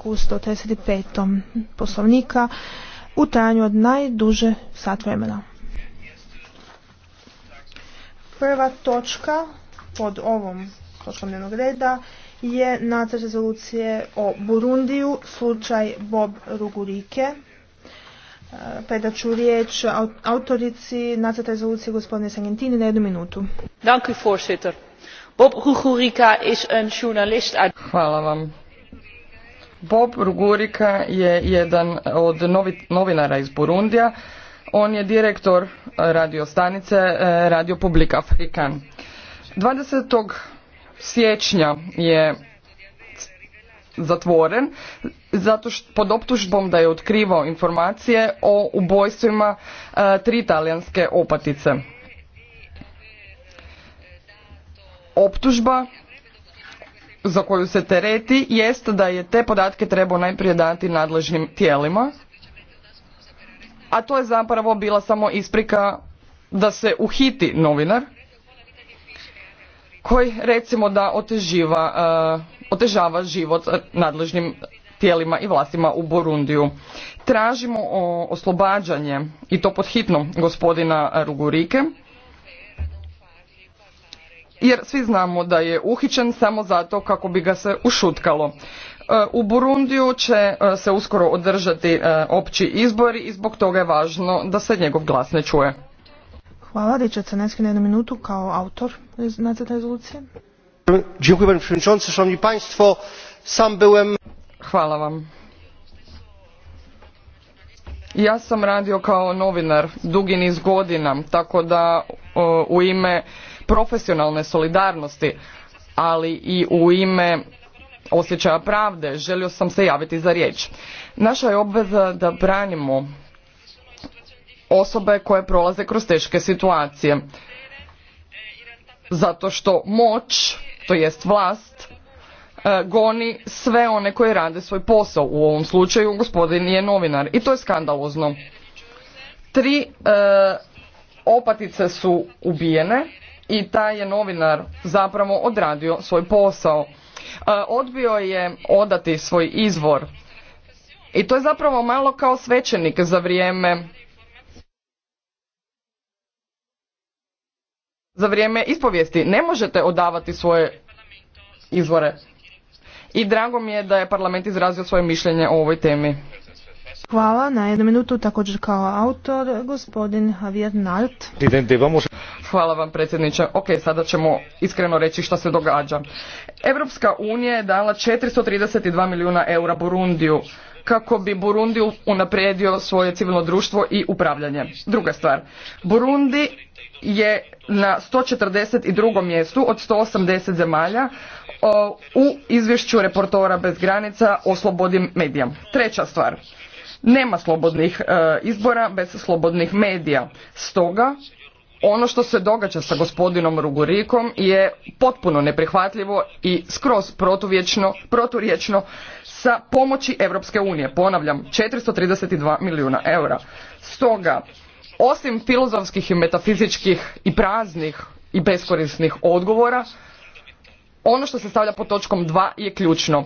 članku 135. poslovnika u trajanju od najduže sat vremena. Prva točka pod ovom točkom dnevnog reda je nacrt rezolucije o Burundiju, slučaj Bob Rugurike. E, predat ću riječ autorici nacrta rezolucije gospodine Sangentini na jednu minutu. Dank u Bob Rugurika is journalist uit... Hvala vam Bob Rugurika je jedan od novinara iz Burundija. On je direktor eh, radio stanice eh, Radio Publika Afrikan. 20. siječnja je zatvoren zato što pod optužbom da je otkrivao informacije o ubojstvima eh, tri talijanske opatice. Optužba za koju se tereti jest da je te podatke trebao najprije dati nadležnim tijelima, a to je zapravo bila samo isprika da se uhiti novinar koji recimo da oteživa, e, otežava život nadležnim tijelima i vlastima u Burundiju. Tražimo oslobađanje i to pod hitno gospodina Rugurike jer svi znamo da je uhićen samo zato kako bi ga se ušutkalo. E, u Burundiju će e, se uskoro održati e, opći izbori i zbog toga je važno da se njegov glas ne čuje. Hvala, na jednu minutu kao autor nacrta rezolucije. Hvala vam. Ja sam radio kao novinar dugi niz godina, tako da u ime profesionalne solidarnosti, ali i u ime osjećaja pravde želio sam se javiti za riječ. Naša je obveza da branimo osobe koje prolaze kroz teške situacije. Zato što moć, to jest vlast, e, goni sve one koji rade svoj posao. U ovom slučaju gospodin je novinar i to je skandalozno. Tri e, opatice su ubijene i taj je novinar zapravo odradio svoj posao. E, odbio je odati svoj izvor. I to je zapravo malo kao svećenik za vrijeme za vrijeme ispovijesti. Ne možete odavati svoje izvore. I drago mi je da je parlament izrazio svoje mišljenje o ovoj temi. Hvala na jednu minutu, također kao autor, gospodin Javier Nart. Hvala vam predsjedniče. Ok, sada ćemo iskreno reći što se događa. Europska unija je dala 432 milijuna eura Burundiju kako bi Burundi unaprijedio svoje civilno društvo i upravljanje. Druga stvar, Burundi je na 142. mjestu od 180 zemalja u izvješću reportora bez granica o slobodi medija. Treća stvar, nema slobodnih e, izbora bez slobodnih medija. Stoga ono što se događa sa gospodinom Rugurikom je potpuno neprihvatljivo i skroz proturječno sa pomoći Europske unije. Ponavljam, 432 milijuna eura. Stoga, osim filozofskih i metafizičkih i praznih i beskorisnih odgovora, ono što se stavlja pod točkom 2 je ključno.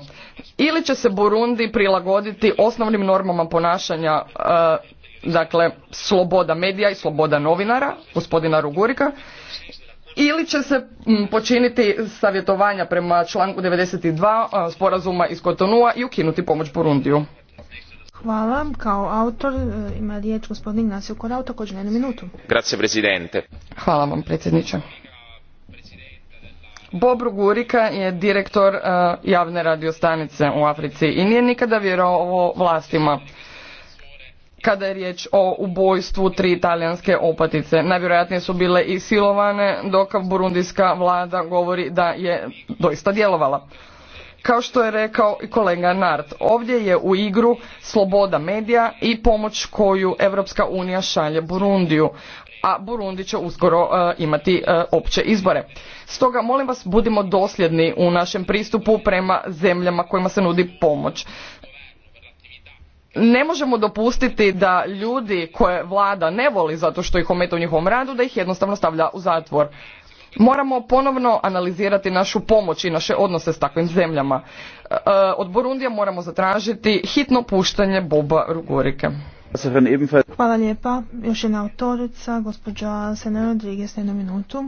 Ili će se Burundi prilagoditi osnovnim normama ponašanja e, dakle sloboda medija i sloboda novinara, gospodina Rugurika, ili će se počiniti savjetovanja prema članku 92 e, sporazuma iz Kotonua i ukinuti pomoć Burundiju. Hvala. Kao autor e, ima riječ gospodin Nasio Korao, također jednu minutu. Grazie, Hvala vam, predsjedniče. Bob Rugurika je direktor e, javne radiostanice u Africi i nije nikada vjerovao vlastima kada je riječ o ubojstvu tri italijanske opatice. Najvjerojatnije su bile i silovane, dok burundijska vlada govori da je doista djelovala. Kao što je rekao i kolega Nart, ovdje je u igru sloboda medija i pomoć koju Europska unija šalje Burundiju a Burundi će uskoro e, imati e, opće izbore. Stoga molim vas budimo dosljedni u našem pristupu prema zemljama kojima se nudi pomoć ne možemo dopustiti da ljudi koje vlada ne voli zato što ih ometa u njihovom radu da ih jednostavno stavlja u zatvor moramo ponovno analizirati našu pomoć i naše odnose s takvim zemljama e, od burundija moramo zatražiti hitno puštanje boba Rugorike. Hvala lijepa. Još jedna autorica, gospođa Sena Rodriguez, na jednu minutu.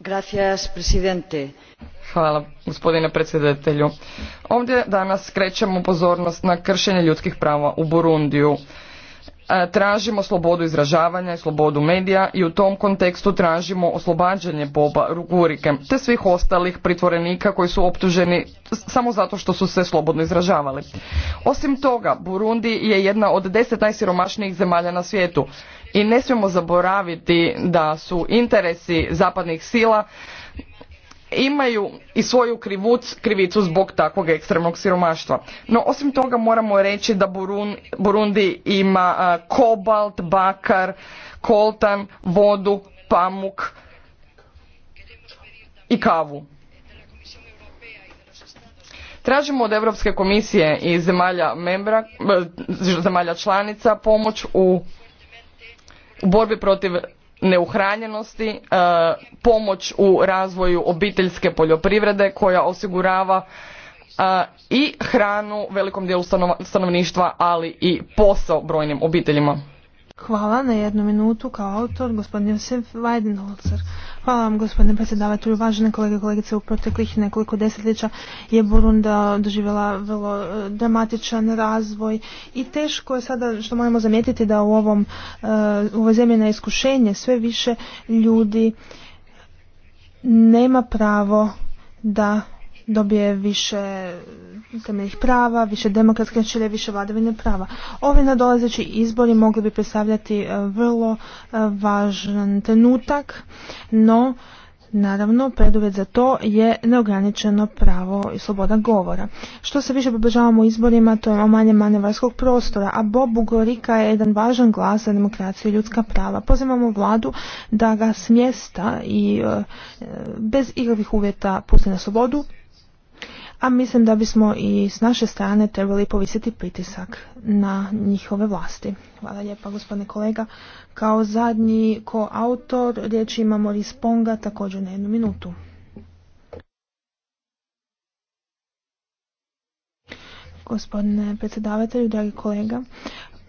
Gracias, presidente. Hvala gospodine predsjedatelju. Ovdje danas krećemo pozornost na kršenje ljudskih prava u Burundiju. E, tražimo slobodu izražavanja i slobodu medija i u tom kontekstu tražimo oslobađanje Boba Rugurike te svih ostalih pritvorenika koji su optuženi samo zato što su se slobodno izražavali. Osim toga, Burundi je jedna od deset najsiromašnijih zemalja na svijetu i ne smijemo zaboraviti da su interesi zapadnih sila imaju i svoju krivicu zbog takvog ekstremnog siromaštva. No, osim toga moramo reći da Burundi ima kobalt, bakar, koltan, vodu, pamuk i kavu. Tražimo od Europske komisije i zemalja, membra, e, zemalja članica pomoć u, u borbi protiv neuhranjenosti, e, pomoć u razvoju obiteljske poljoprivrede koja osigurava e, i hranu velikom dijelu stanovništva, ali i posao brojnim obiteljima. Hvala na jednu minutu kao autor, gospodin Josef Weidenholzer. Hvala vam gospodine predsjedavatelju. uvažene kolege i kolegice u proteklih nekoliko desetljeća je Burunda doživjela vrlo e, dramatičan razvoj i teško je sada što moramo zamijetiti da u ovom e, u ovoj zemlji na iskušenje sve više ljudi nema pravo da dobije više temeljnih prava, više demokratske načelje, više vladavine prava. Ovi nadolazeći izbori mogli bi predstavljati e, vrlo e, važan trenutak, no Naravno, preduvjet za to je neograničeno pravo i sloboda govora. Što se više približavamo izborima, to je manje manevarskog prostora, a Bobu Gorika je jedan važan glas za demokraciju i ljudska prava. Pozivamo vladu da ga smjesta i e, bez ikakvih uvjeta pusti na slobodu a mislim da bismo i s naše strane trebali povisiti pritisak na njihove vlasti. Hvala lijepa gospodine kolega. Kao zadnji koautor riječ ima Moris Ponga također na jednu minutu. Gospodine predsjedavatelju, dragi kolega,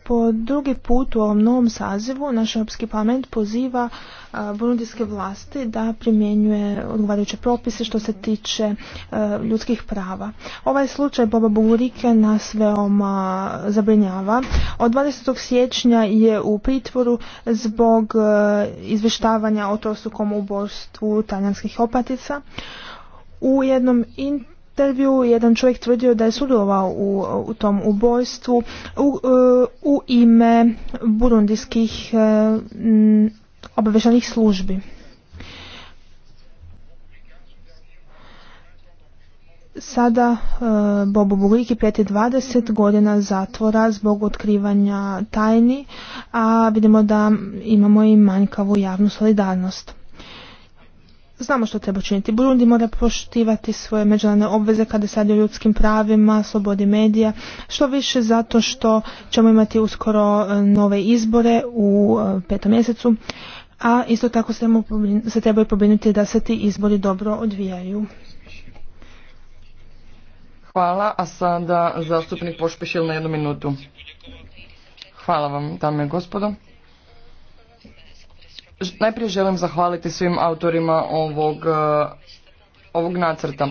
po drugi put u ovom novom sazivu naš Europski parlament poziva burundijske vlasti da primjenjuje odgovarajuće propise što se tiče e, ljudskih prava. Ovaj slučaj Boba Bugurike nas veoma zabrinjava. Od 20. siječnja je u pritvoru zbog e, izvještavanja o u ubojstvu talijanskih opatica. U jednom intervju intervju jedan čovjek tvrdio da je sudjelovao u, tom ubojstvu u, e, ime burundijskih e, obavještajnih službi. Sada e, Bobo Buliki, prijeti 20 godina zatvora zbog otkrivanja tajni, a vidimo da imamo i manjkavu javnu solidarnost. Znamo što treba činiti. Burundi mora poštivati svoje međunarodne obveze kada se radi o ljudskim pravima, slobodi medija, što više zato što ćemo imati uskoro e, nove izbore u e, petom mjesecu, a isto tako se trebaju pobrinuti da se ti izbori dobro odvijaju. Hvala, a sada zastupnik pošpešil na jednu minutu. Hvala vam, dame i gospodo. Najprije želim zahvaliti svim autorima ovog, e, ovog nacrta.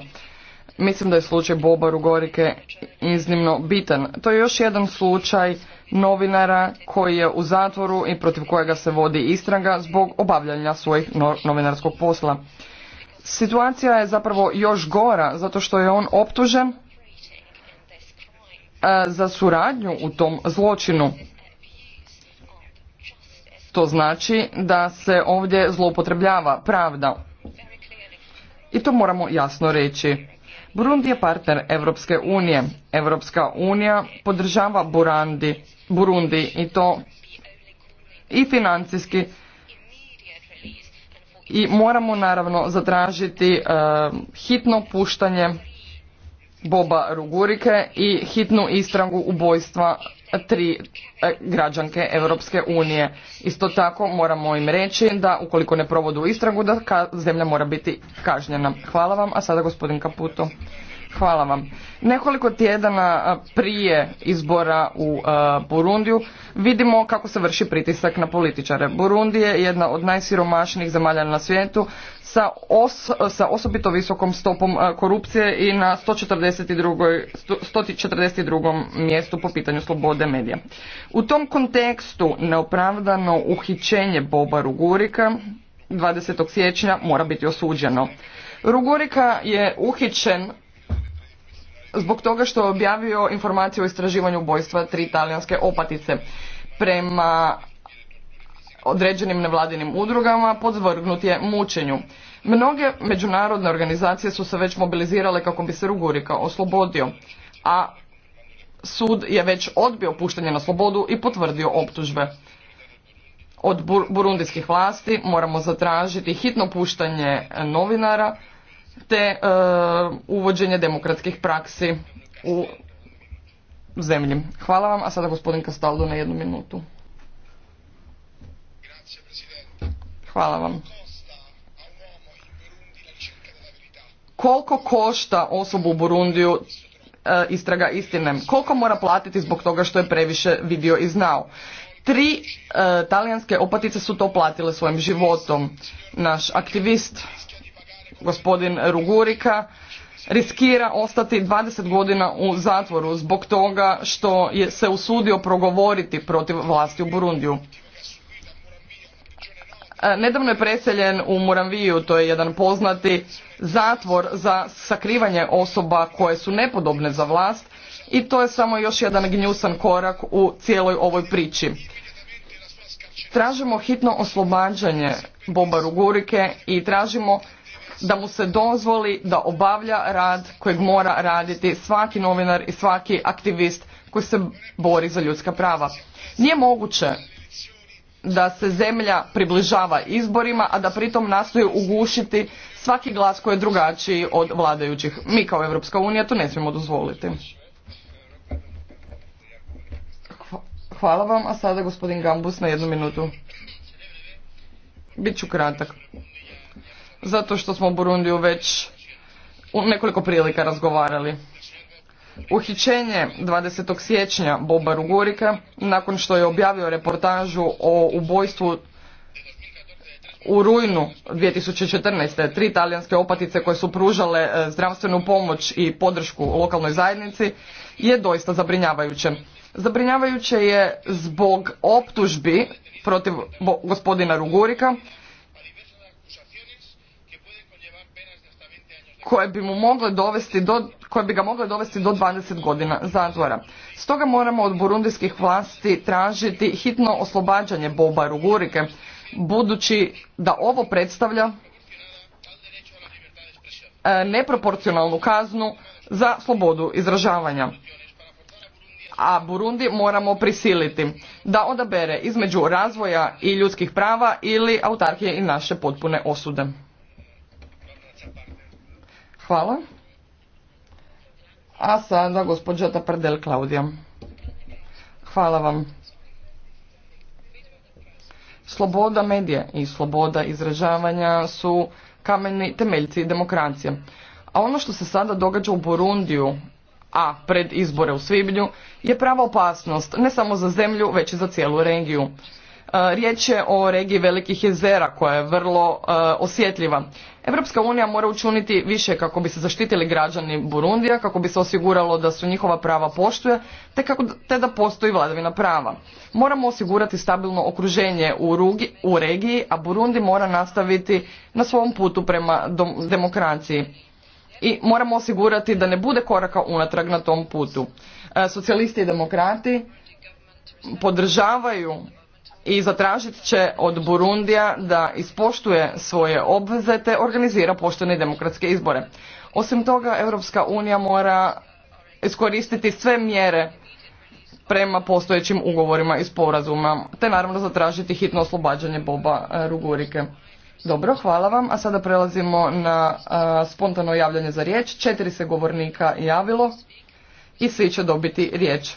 Mislim da je slučaj Boba Rugorike iznimno bitan. To je još jedan slučaj novinara koji je u zatvoru i protiv kojega se vodi istraga zbog obavljanja svojih novinarskog posla. Situacija je zapravo još gora zato što je on optužen e, za suradnju u tom zločinu što znači da se ovdje zloupotrebljava pravda. I to moramo jasno reći. Burundi je partner Europske unije. Europska unija podržava Burundi, Burundi i to i financijski i moramo naravno zatražiti e, hitno puštanje Boba Rugurike i hitnu istragu ubojstva tri e, građanke Europske unije. Isto tako moramo im reći da ukoliko ne provodu istragu da zemlja mora biti kažnjena. Hvala vam, a sada gospodin Kaputo. Hvala vam. Nekoliko tjedana prije izbora u Burundiju vidimo kako se vrši pritisak na političare. Burundi je jedna od najsiromašnijih zemalja na svijetu sa, sa osobito visokom stopom korupcije i na 142. 142. mjestu po pitanju slobode medija. U tom kontekstu neopravdano uhićenje Boba Rugurika 20. siječnja mora biti osuđeno. Rugurika je uhićen zbog toga što je objavio informaciju o istraživanju ubojstva tri talijanske opatice. Prema određenim nevladinim udrugama podvrgnut je mučenju. Mnoge međunarodne organizacije su se već mobilizirale kako bi se Rugurika oslobodio, a sud je već odbio puštanje na slobodu i potvrdio optužbe. Od burundijskih vlasti moramo zatražiti hitno puštanje novinara, te e, uvođenje demokratskih praksi u zemlji. Hvala vam, a sada gospodin Kastaldo na jednu minutu. Hvala vam. Koliko košta osobu u Burundiju e, istraga istine? Koliko mora platiti zbog toga što je previše vidio i znao? Tri e, talijanske opatice su to platile svojim životom. Naš aktivist gospodin Rugurika, riskira ostati 20 godina u zatvoru zbog toga što je se usudio progovoriti protiv vlasti u Burundiju. E, nedavno je preseljen u Muramviju, to je jedan poznati zatvor za sakrivanje osoba koje su nepodobne za vlast i to je samo još jedan gnjusan korak u cijeloj ovoj priči. Tražimo hitno oslobađanje Boba Rugurike i tražimo da mu se dozvoli da obavlja rad kojeg mora raditi svaki novinar i svaki aktivist koji se bori za ljudska prava. Nije moguće da se zemlja približava izborima, a da pritom nastoji ugušiti svaki glas koji je drugačiji od vladajućih. Mi kao Europska unija to ne smijemo dozvoliti. Hvala vam, a sada gospodin Gambus na jednu minutu. Biću kratak zato što smo u Burundiju već u nekoliko prilika razgovarali. Uhićenje 20. siječnja Boba Rugurika, nakon što je objavio reportažu o ubojstvu u rujnu 2014. tri talijanske opatice koje su pružale e, zdravstvenu pomoć i podršku lokalnoj zajednici je doista zabrinjavajuće. Zabrinjavajuće je zbog optužbi protiv gospodina Rugurika koje bi mu mogle dovesti do koje bi ga mogle dovesti do 20 godina zatvora. Stoga moramo od burundijskih vlasti tražiti hitno oslobađanje Boba Rugurike, budući da ovo predstavlja e, neproporcionalnu kaznu za slobodu izražavanja. A Burundi moramo prisiliti da odabere između razvoja i ljudskih prava ili autarkije i naše potpune osude. Hvala. A sada gospođa Tapardel Klaudija. Hvala vam. Sloboda medija i sloboda izražavanja su kameni temeljci demokracije. A ono što se sada događa u Burundiju, a pred izbore u Svibnju, je prava opasnost ne samo za zemlju, već i za cijelu regiju. E, riječ je o regiji velikih jezera koja je vrlo e, osjetljiva. Europska unija mora učiniti više kako bi se zaštitili građani Burundija, kako bi se osiguralo da su njihova prava poštuje, te, kako, te da postoji vladavina prava. Moramo osigurati stabilno okruženje u, regiji, a Burundi mora nastaviti na svom putu prema demokraciji. I moramo osigurati da ne bude koraka unatrag na tom putu. E, socijalisti i demokrati podržavaju i zatražit će od Burundija da ispoštuje svoje obveze te organizira poštene demokratske izbore. Osim toga, Europska unija mora iskoristiti sve mjere prema postojećim ugovorima i sporazuma, te naravno zatražiti hitno oslobađanje Boba e, Rugurike. Dobro, hvala vam. A sada prelazimo na e, spontano javljanje za riječ. Četiri se govornika javilo i svi će dobiti riječ.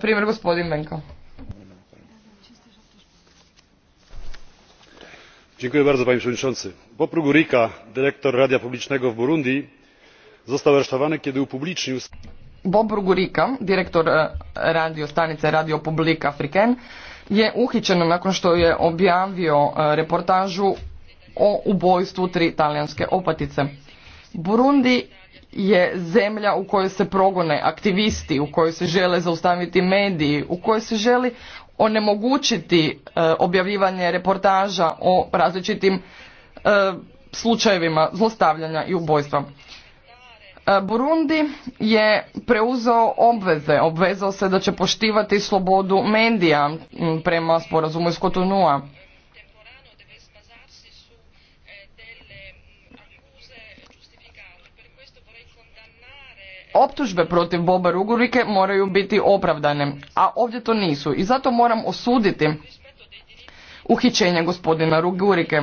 primjer, gospodin Benko. panie przewodniczący! bob rugurika dyrektor radia publicznego w burundi został aresztowany kiedy upublicznił. bob rugurika direktor e, radio stanice radio Public africain je uhićen nakon što je objavio e, reportažu o ubojstvu tri talijanske opatice. burundi je zemlja u kojoj se progone aktivisti, u kojoj se žele zaustaviti mediji, u kojoj se želi onemogućiti e, objavljivanje reportaža o različitim e, slučajevima zlostavljanja i ubojstva. E, Burundi je preuzeo obveze, obvezao se da će poštivati slobodu medija prema sporazumu iz Kotonua. optužbe protiv Boba Rugurike moraju biti opravdane, a ovdje to nisu. I zato moram osuditi uhićenje gospodina Rugurike.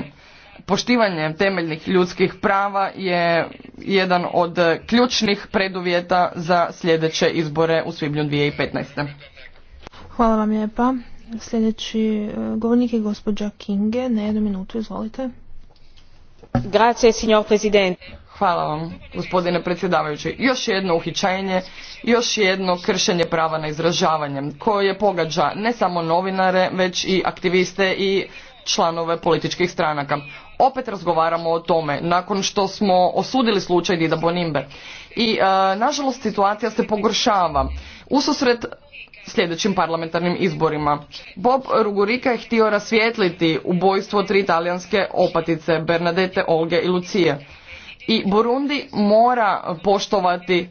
Poštivanje temeljnih ljudskih prava je jedan od ključnih preduvjeta za sljedeće izbore u svibnju 2015. Hvala vam lijepa. Sljedeći e, govornik je gospođa Kinge. Na jednu minutu, izvolite. Hvala vam, gospodine predsjedavajući. Još jedno uhićenje, još jedno kršenje prava na izražavanje, koje pogađa ne samo novinare, već i aktiviste i članove političkih stranaka. Opet razgovaramo o tome, nakon što smo osudili slučaj Dida Bonimbe. I, e, nažalost, situacija se pogoršava. Ususret sljedećim parlamentarnim izborima. Bob Rugurika je htio rasvijetliti ubojstvo tri italijanske opatice Bernadette, Olge i Lucije. I Burundi mora poštovati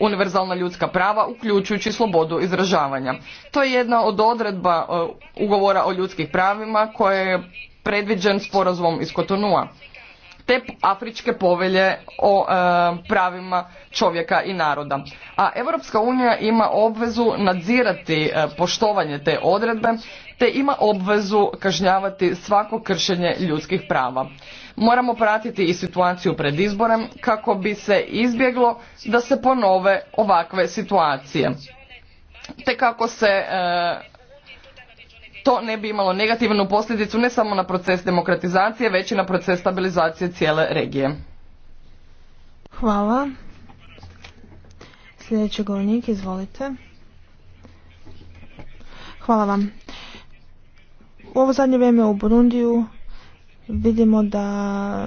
univerzalna ljudska prava, uključujući slobodu izražavanja. To je jedna od odredba e, ugovora o ljudskih pravima koje je predviđen sporazumom iz Kotonua te Afričke povelje o e, pravima čovjeka i naroda. A Europska unija ima obvezu nadzirati e, poštovanje te odredbe te ima obvezu kažnjavati svako kršenje ljudskih prava. Moramo pratiti i situaciju pred izborem kako bi se izbjeglo da se ponove ovakve situacije te kako se e, to ne bi imalo negativnu posljedicu ne samo na proces demokratizacije, već i na proces stabilizacije cijele regije. Hvala. Sljedeći govornik, izvolite. Hvala vam. U ovo zadnje vrijeme u Burundiju vidimo da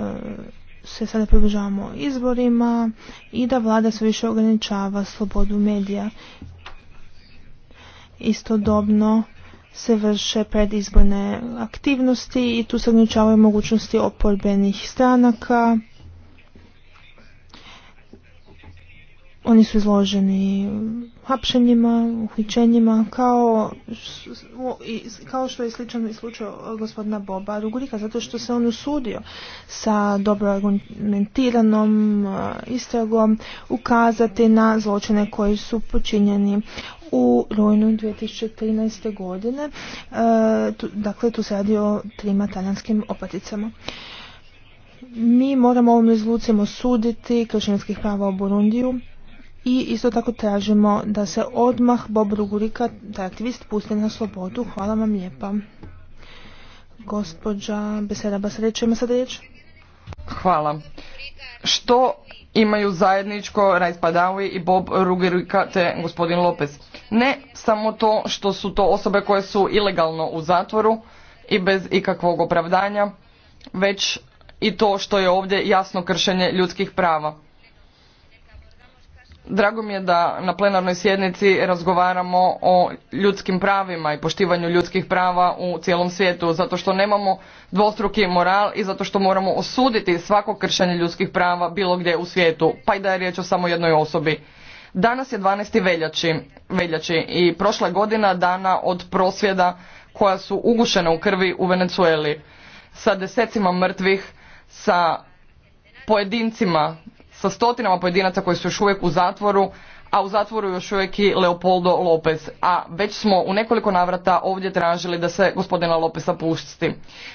se sada približavamo izborima i da vlada sve više ograničava slobodu medija. Istodobno se vrše predizborne aktivnosti i tu se ograničavaju mogućnosti oporbenih stranaka oni su izloženi hapšenjima, uhličenjima, kao, kao što je sličan slučaj e, gospodina Boba Rugurika, zato što se on usudio sa dobro argumentiranom e, istragom ukazati na zločine koji su počinjeni u rujnu 2013. godine. E, dakle, tu se radi o trima talijanskim opaticama. Mi moramo ovom rezolucijom osuditi kršćanskih prava u Burundiju, i isto tako tražimo da se odmah Bob Rugurika, taj aktivist, pusti na slobodu. Hvala vam lijepa. Gospođa Beseda Basreć, ima sad riječ? Hvala. Što imaju zajedničko Padawi i Bob Rugurika te gospodin Lopez? Ne samo to što su to osobe koje su ilegalno u zatvoru i bez ikakvog opravdanja, već i to što je ovdje jasno kršenje ljudskih prava Drago mi je da na plenarnoj sjednici razgovaramo o ljudskim pravima i poštivanju ljudskih prava u cijelom svijetu, zato što nemamo dvostruki moral i zato što moramo osuditi svako kršenje ljudskih prava bilo gdje u svijetu, pa i da je riječ o samo jednoj osobi. Danas je 12. veljači, veljači i prošla godina dana od prosvjeda koja su ugušena u krvi u Venezueli sa desecima mrtvih, sa pojedincima sa stotinama pojedinaca koji su još uvijek u zatvoru, a u zatvoru još uvijek i Leopoldo Lopez. A već smo u nekoliko navrata ovdje tražili da se gospodina Lopesa pusti.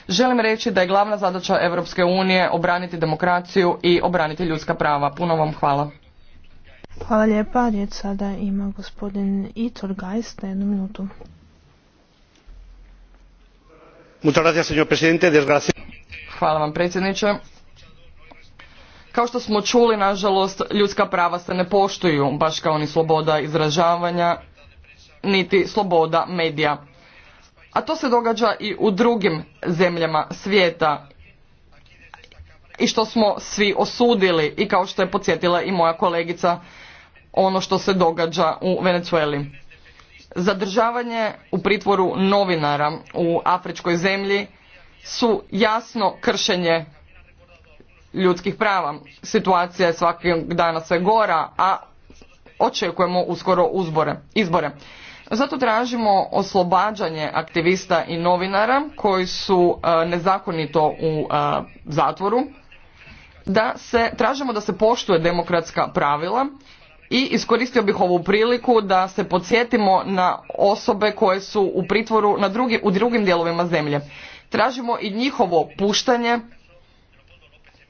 Želim reći da je glavna zadaća Europske unije obraniti demokraciju i obraniti ljudska prava. Puno vam hvala. Hvala lijepa. Riječ sada ima gospodin Itor na jednu minutu. Hvala vam predsjedniče. Kao što smo čuli, nažalost, ljudska prava se ne poštuju, baš kao ni sloboda izražavanja, niti sloboda medija. A to se događa i u drugim zemljama svijeta i što smo svi osudili i kao što je podsjetila i moja kolegica ono što se događa u Venecueli. Zadržavanje u pritvoru novinara u afričkoj zemlji su jasno kršenje ljudskih prava. Situacija je svakog dana sve gora, a očekujemo uskoro uzbore, izbore. Zato tražimo oslobađanje aktivista i novinara koji su e, nezakonito u e, zatvoru, da se tražimo da se poštuje demokratska pravila i iskoristio bih ovu priliku da se podsjetimo na osobe koje su u pritvoru na drugi, u drugim dijelovima zemlje. Tražimo i njihovo puštanje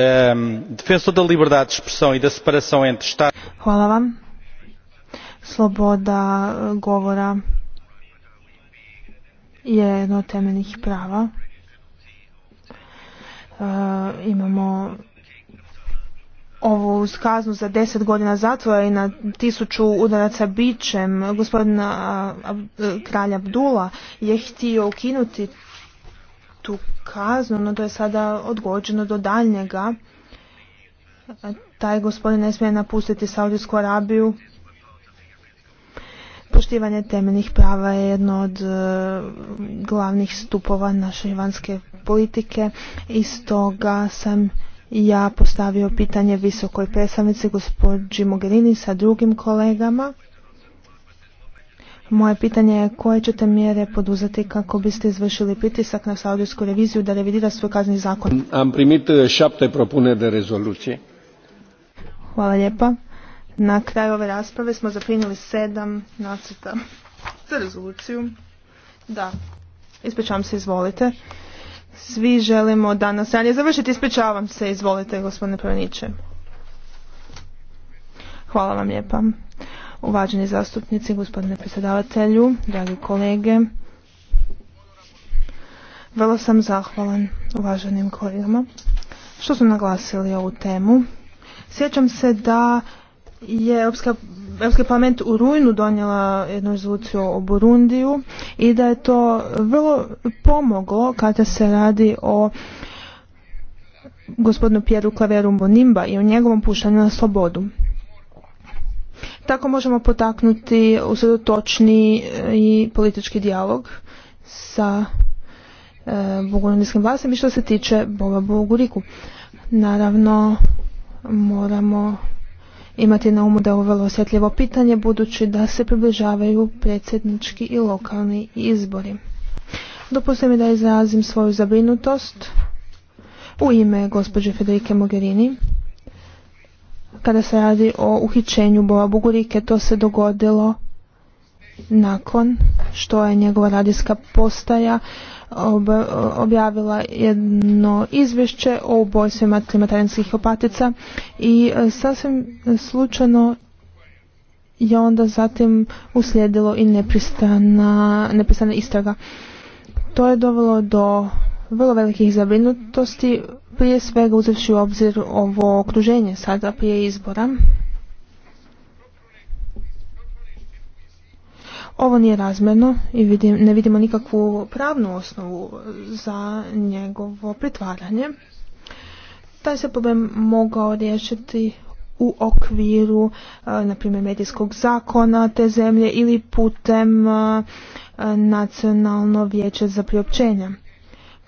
Ehm, defensor da liberdade de expressão e da separação entre Estado... Hvala vam. Sloboda eh, govora je jedno od temeljnih prava. Eh, imamo ovu skaznu za deset godina zatvora i na tisuću udaraca bićem gospodina eh, kralja Abdula je htio ukinuti tu kaznu, no to je sada odgođeno do daljnjega. Taj gospodin ne smije napustiti Saudijsku Arabiju. Poštivanje temeljnih prava je jedno od e, glavnih stupova naše vanjske politike i stoga sam ja postavio pitanje visokoj predstavnici gospođi Mogherini sa drugim kolegama moje pitanje je koje ćete mjere poduzeti kako biste izvršili pritisak na Saudijsku reviziju da revidira svoj kazni zakon? Am primit šapte e, propune de rezolucije. Hvala lijepa. Na kraju ove rasprave smo zaprinjeli sedam nacrta za rezoluciju. Da, ispričavam se, izvolite. Svi želimo danas ranije završiti, ispričavam se, izvolite gospodine praniče Hvala vam lijepa. Uvaženi zastupnici, gospodine predsjedavatelju, dragi kolege, vrlo sam zahvalan uvaženim kolegama što su naglasili ovu temu. Sjećam se da je Europski parlament u rujnu donijela jednu rezoluciju o Burundiju i da je to vrlo pomoglo kada se radi o gospodinu Pjeru Klaveru Bonimba i o njegovom puštanju na slobodu. Tako možemo potaknuti usredotočni e, i politički dijalog sa e, vlastima i što se tiče Boba Boguriku. Naravno, moramo imati na umu da je ovo vrlo osjetljivo pitanje budući da se približavaju predsjednički i lokalni izbori. Dopustite mi da izrazim svoju zabrinutost u ime gospođe Federike Mogherini kada se radi o uhićenju Boa Bugurike, to se dogodilo nakon što je njegova radijska postaja objavila jedno izvješće o ubojstvima klimatarinskih opatica i e, sasvim slučajno je onda zatim uslijedilo i nepristana, nepristana istraga. To je dovelo do vrlo velikih zabrinutosti, prije svega uzevši u obzir ovo okruženje sada prije izbora. Ovo nije razmjerno i ne vidimo nikakvu pravnu osnovu za njegovo pretvaranje. Taj se problem mogao riješiti u okviru, e, na primjer, medijskog zakona te zemlje ili putem e, nacionalno vijeće za priopćenje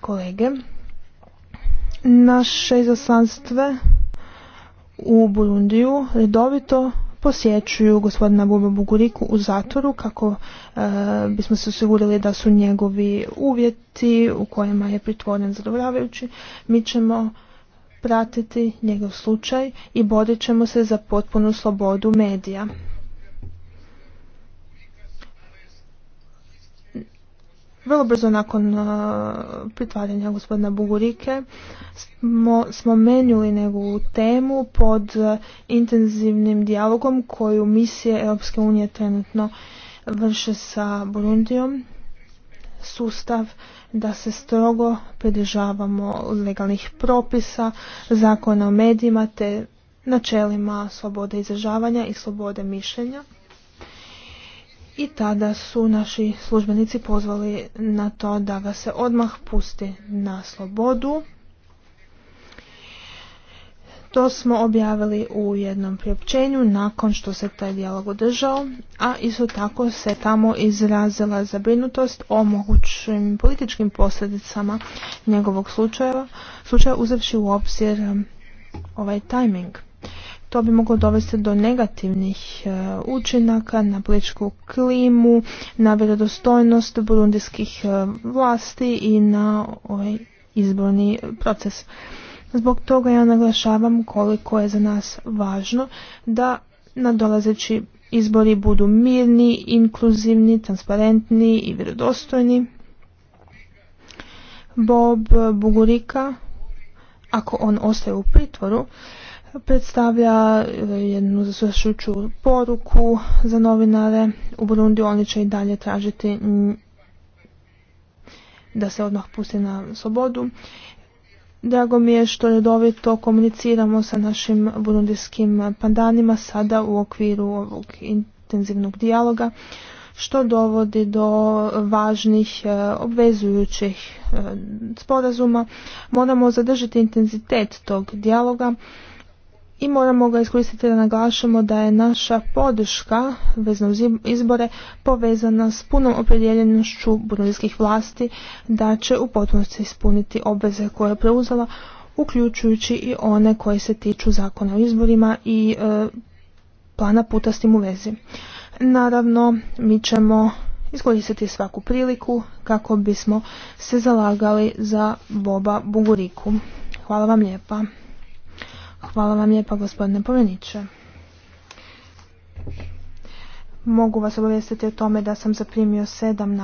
kolege. Naše izaslanstve u Burundiju redovito posjećuju gospodina Buba Buguriku u zatvoru kako e, bismo se osigurali da su njegovi uvjeti u kojima je pritvoren zadovoljavajući. Mi ćemo pratiti njegov slučaj i borit ćemo se za potpunu slobodu medija. Vrlo brzo nakon uh, pritvaranja gospodina Bugurike smo, smo menjuli temu pod uh, intenzivnim dijalogom koju misije Europske unije trenutno vrše sa Burundijom. Sustav da se strogo pridržavamo legalnih propisa, zakona o medijima te načelima slobode izražavanja i slobode mišljenja i tada su naši službenici pozvali na to da ga se odmah pusti na slobodu. To smo objavili u jednom priopćenju nakon što se taj dijalog održao, a isto tako se tamo izrazila zabrinutost o mogućim političkim posljedicama njegovog slučaja, slučaja uzevši u obzir um, ovaj tajming to bi moglo dovesti do negativnih e, učinaka na političku klimu, na vjerodostojnost burundijskih e, vlasti i na ovaj izborni proces. Zbog toga ja naglašavam koliko je za nas važno da nadolazeći izbori budu mirni, inkluzivni, transparentni i vjerodostojni. Bob Bugurika, ako on ostaje u pritvoru, predstavlja e, jednu zasvršujuću poruku za novinare. U Burundi oni će i dalje tražiti da se odmah pusti na slobodu. Drago mi je što redovito komuniciramo sa našim burundijskim pandanima sada u okviru ovog intenzivnog dijaloga što dovodi do važnih e, obvezujućih e, sporazuma. Moramo zadržati intenzitet tog dijaloga i moramo ga iskoristiti da naglašamo da je naša podrška vezano uz izbore povezana s punom opredjeljenošću burundijskih vlasti da će u potpunosti ispuniti obveze koje je preuzela uključujući i one koje se tiču zakona o izborima i e, plana puta s tim u vezi. Naravno, mi ćemo iskoristiti svaku priliku kako bismo se zalagali za Boba Buguriku. Hvala vam lijepa. Hvala vam lijepa gospodine Poveniće. Mogu vas obavijestiti o tome da sam zaprimio sedam